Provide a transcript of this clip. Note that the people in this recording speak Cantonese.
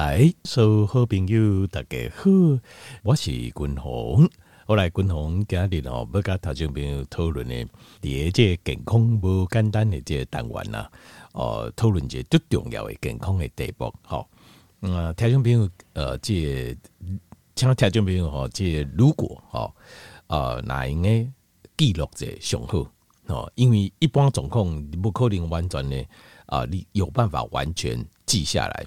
來所有、so, 好朋友大家好，我是君鴻。我來君鴻今日哦，要跟聽眾朋友討論呢，啲即健康無簡單嘅即單元啊，哦、呃，討論啲最重要嘅健康嘅地步，好，啊，聽眾朋友，誒，即聽聽眾朋友哦，即、嗯呃這個這個、如果哦，啊、呃，哪樣嘅記錄者最上好？哦，因為一般狀況唔可能完全呢，啊、呃，你有辦法完全記下來。